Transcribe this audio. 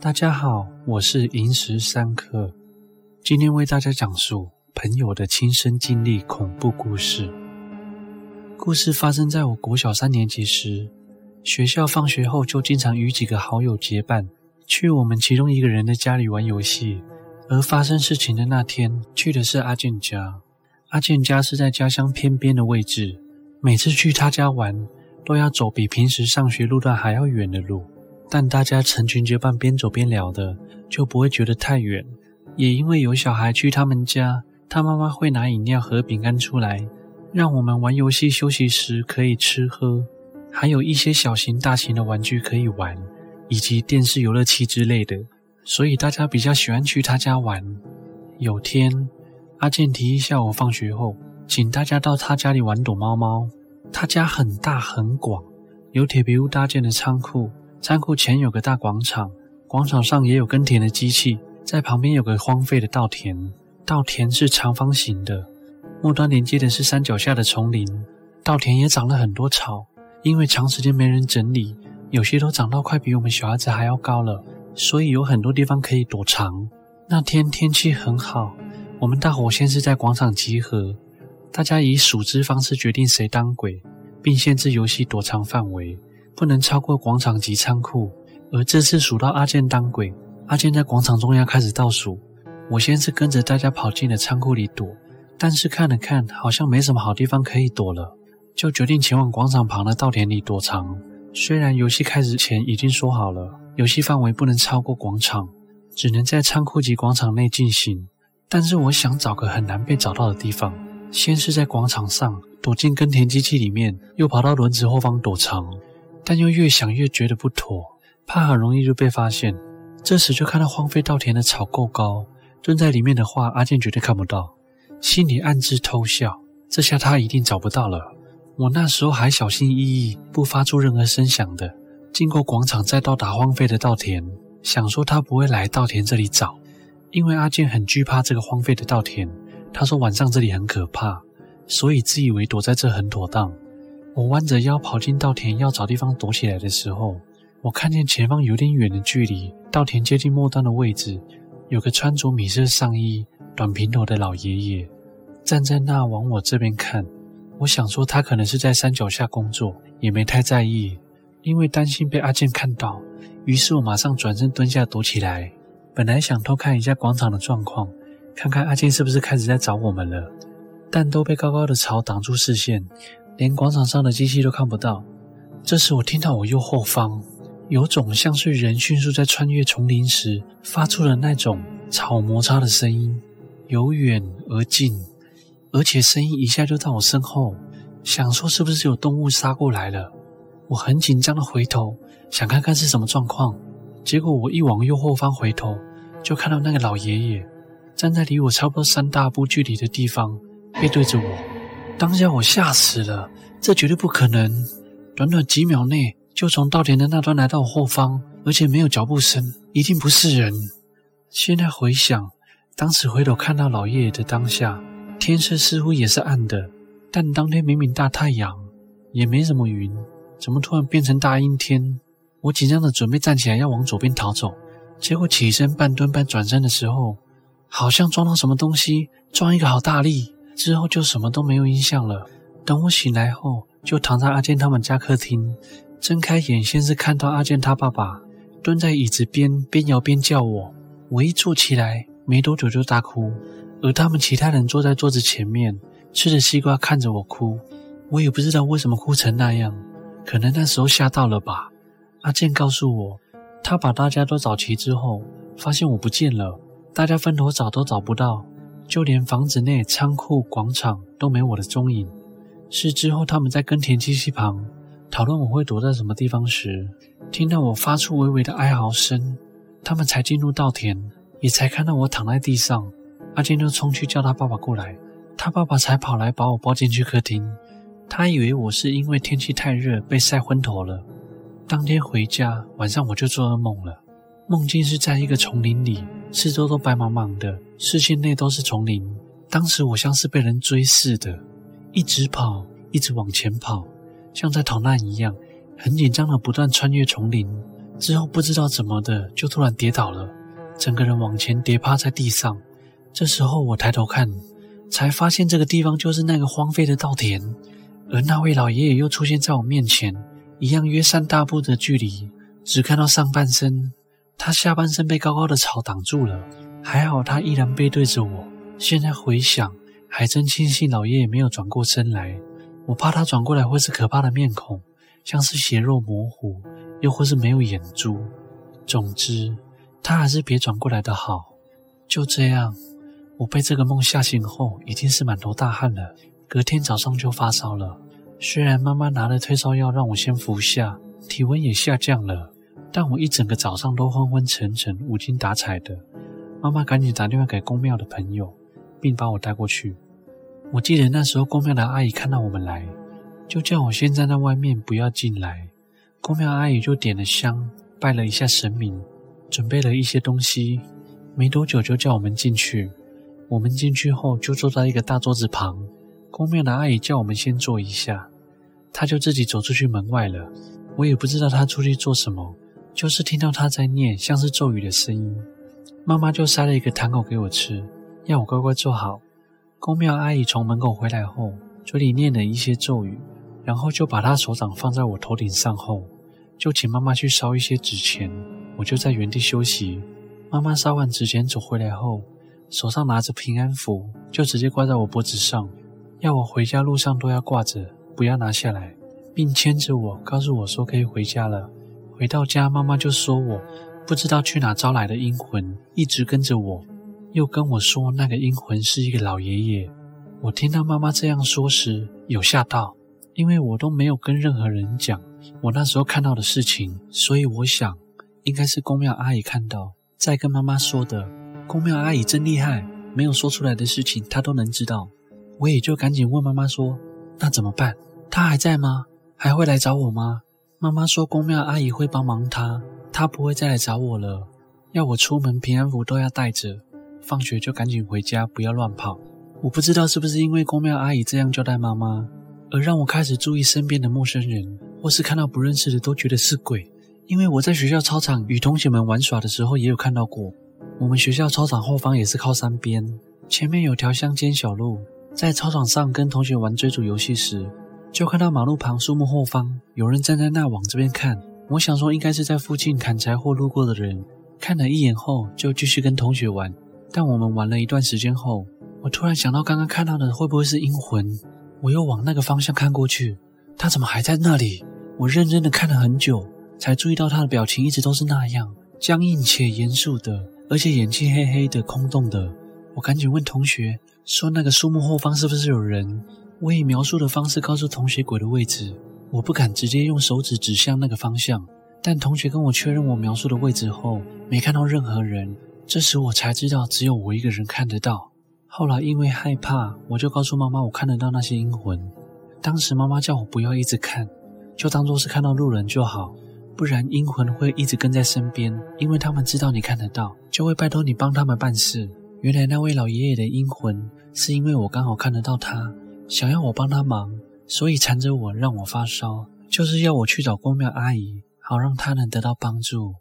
大家好，我是螢石三克，今天為大家講述朋友的親身經歷恐怖故事。故事發生在我國小三年級時，學校放學後就經常與幾個好友結伴去我們其中一個人的家裡玩遊戲。而發生事情的那天，去的是阿健家。阿健家是在家鄉偏邊的位置，每次去他家玩，都要走比平時上學路段還要遠的路。但大家成群結伴邊走邊聊的，就不會覺得太遠。也因為有小孩去他們家，他媽媽會拿飲料和餅乾出來，讓我們玩遊戲休息時可以吃喝，還有一些小型、大型的玩具可以玩，以及電視、遊樂器之類的。所以大家比較喜歡去他家玩。有天，阿健提議下午放學後，請大家到他家裡玩躲貓貓。他家很大很廣，有鐵皮屋搭建的倉庫。倉庫前有個大廣場，廣場上也有耕田的機器，在旁邊有個荒廢的稻田，稻田是長方形的，末端連接的是山腳下的叢林，稻田也長了很多草，因為長時間沒人整理，有些都長到快比我們小孩子還要高了，所以有很多地方可以躲藏。那天天氣很好，我們大夥先是在廣場集合，大家以數之方式決定誰當鬼，並限制遊戲躲藏範圍。不能超過廣場及倉庫，而這次數到阿健當鬼。阿健在廣場中央開始倒數，我先是跟着大家跑進了倉庫裡躲，但是看了看，好像沒什麼好地方可以躲了，就決定前往廣場旁的稻田裡躲藏。雖然遊戲開始前已經說好了，遊戲範圍不能超過廣場，只能在倉庫及廣場內進行，但是我想找個很難被找到的地方。先是在廣場上躲進耕田機器裡面，又跑到輪子後方躲藏。但又越想越覺得不妥，怕很容易就被發現。這時就看到荒廢稻田的草夠高，蹲在裡面的話，阿健絕對看不到。心裡暗自偷笑，這下他一定找不到了。我那時候還小心翼翼，不發出任何聲響的，經過廣場，再到達荒廢的稻田，想說他不會來稻田這裡找，因為阿健很懼怕這個荒廢的稻田。他說晚上這裡很可怕，所以自以為躲在這很妥當。我彎着腰跑進稻田，要找地方躲起來的時候，我看見前方有點遠的距離，稻田接近末端的位置，有個穿着米色上衣、短平頭的老爺爺站在那往我這邊看。我想說他可能是在山腳下工作，也沒太在意，因為擔心被阿健看到，於是我馬上轉身蹲下躲起來。本來想偷看一下廣場的狀況，看看阿健是不是開始在找我們了，但都被高高的草擋住視線。連廣場上的機器都看不到。這時，我聽到我右後方有種像是人迅速在穿越叢林時發出的那種草摩擦的聲音，由遠而近，而且聲音一下就到我身後。想說是不是有動物殺過來了？我很緊張的回頭想看看是什麼狀況。結果我一往右後方回頭，就看到那個老爺爺站在離我差不多三大步距離的地方，背對着我。當下我嚇死了，這絕對不可能！短短幾秒內就從稻田的那端來到我後方，而且沒有腳步聲，一定不是人。現在回想，當時回頭看到老爺爺的當下，天色似乎也是暗的，但當天明明大太陽，也沒什麼雲，怎麼突然變成大陰天？我緊張的準備站起來要往左邊逃走，結果起身半蹲半轉身的時候，好像撞到什麼東西，撞一個好大力。之後就什麼都沒有印象了。等我醒來後，就躺在阿健他們家客廳，睜開眼，先是看到阿健他爸爸蹲在椅子邊，邊搖邊叫我。我一坐起來，沒多久就大哭，而他們其他人坐在桌子前面，吃着西瓜，看着我哭。我也不知道為什麼哭成那樣，可能那時候嚇到了吧。阿健告訴我，他把大家都找齊之後，發現我不見了，大家分頭找都找不到。就連房子內、倉庫、廣場都沒我的蹤影，是之後他們在耕田機器旁討論我會躲在什麼地方時，聽到我發出微微的哀嚎聲，他們才進入稻田，也才看到我躺在地上。阿健就衝去叫他爸爸過來，他爸爸才跑來把我抱進去客廳。他以為我是因為天氣太熱被曬昏頭了。當天回家晚上我就做噩夢了，夢境是在一個叢林裡，四周都白茫茫的。視線內都是叢林，當時我像是被人追似的，一直跑，一直往前跑，像在逃難一樣，很緊張的不斷穿越叢林。之後不知道怎麼的，就突然跌倒了，整個人往前跌，趴在地上。這時候我抬頭看，才發現這個地方就是那個荒廢的稻田，而那位老爺爺又出現在我面前，一樣約三大步的距離，只看到上半身，他下半身被高高的草擋住了。還好他依然背對着我。現在回想，還真慶幸老爺爺沒有轉過身來。我怕他轉過來會是可怕的面孔，像是血肉模糊，又或是沒有眼珠。總之，他還是別轉過來的好。就這樣，我被這個夢嚇醒後，已經是滿頭大汗了。隔天早上就發燒了。雖然媽媽拿了退燒藥讓我先服下，體溫也下降了，但我一整個早上都昏昏沉沉、無精打采的。媽媽趕緊打電話給宮廟的朋友，並把我帶過去。我記得那時候，宮廟的阿姨看到我們來，就叫我先在那外面，不要進來。宮廟阿姨就點了香，拜了一下神明，準備了一些東西。沒多久，就叫我們進去。我們進去後，就坐在一個大桌子旁。宮廟的阿姨叫我們先坐一下，她就自己走出去門外了。我也不知道她出去做什麼，就是聽到她在念，像是咒語的聲音。媽媽就塞了一個糖果給我吃，讓我乖乖坐好。宮廟阿姨從門口回來後，嘴裡念了一些咒語，然後就把她手掌放在我頭頂上後，就請媽媽去燒一些紙錢。我就在原地休息。媽媽燒完紙錢走回來後，手上拿着平安符，就直接掛在我脖子上，要我回家路上都要掛着，不要拿下來，並牽着我，告訴我說可以回家了。回到家，媽媽就說我，不知道去哪招來的陰魂，一直跟着我，又跟我說那個陰魂是一個老爺爺。我聽到媽媽這樣說時，有嚇到，因為我都沒有跟任何人講我那時候看到的事情，所以我想應該是宮廟阿姨看到，再跟媽媽說的。宮廟阿姨真厲害，沒有說出來的事情她都能知道。我也就趕緊問媽媽說：“那怎麼辦？他還在嗎？還會來找我嗎？”媽媽說：“宮廟阿姨會幫忙他。”他不會再來找我了，要我出門平安符都要帶着，放學就趕緊回家，不要亂跑。我不知道是不是因為公廟阿姨這樣交代媽媽，而讓我開始注意身邊的陌生人，或是看到不認識的都覺得是鬼。因為我在學校操場與同學們玩耍的時候，也有看到過。我們學校操場後方也是靠山邊，前面有條鄉間小路。在操場上跟同學玩追逐遊戲時，就看到馬路旁樹木後方有人站在那，往這邊看。我想說，應該是在附近砍柴或路過的人，看了一眼後就繼續跟同學玩。但我們玩了一段時間後，我突然想到剛剛看到的會不會是陰魂？我又往那個方向看過去，他怎麼還在那裡？我認真的看了很久，才注意到他的表情一直都是那樣僵硬且嚴肅的，而且眼睛黑黑的、空洞的。我趕緊問同學說：“那個樹木後方是不是有人？”我以描述的方式告訴同學鬼的位置。我不敢直接用手指指向那個方向，但同學跟我確認我描述的位置後，沒看到任何人。這時我才知道只有我一個人看得到。後來因為害怕，我就告訴媽媽我看得到那些陰魂。當時媽媽叫我不要一直看，就當作是看到路人就好，不然陰魂會一直跟在身邊，因為他們知道你看得到，就會拜託你幫他們辦事。原來那位老爺爺的陰魂是因為我剛好看得到他，想要我幫他忙。所以纏着我讓我發燒，就是要我去找宮廟阿姨，好讓她能得到幫助。